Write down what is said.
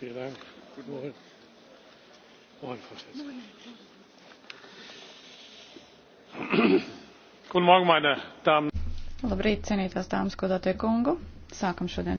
Vielen Dank. Guten Morgen. Morgen, Frau Schätze. Guten Morgen, meine Damen. Labrīt, cienītās dāmas, godātie kungu. Sākam šodien.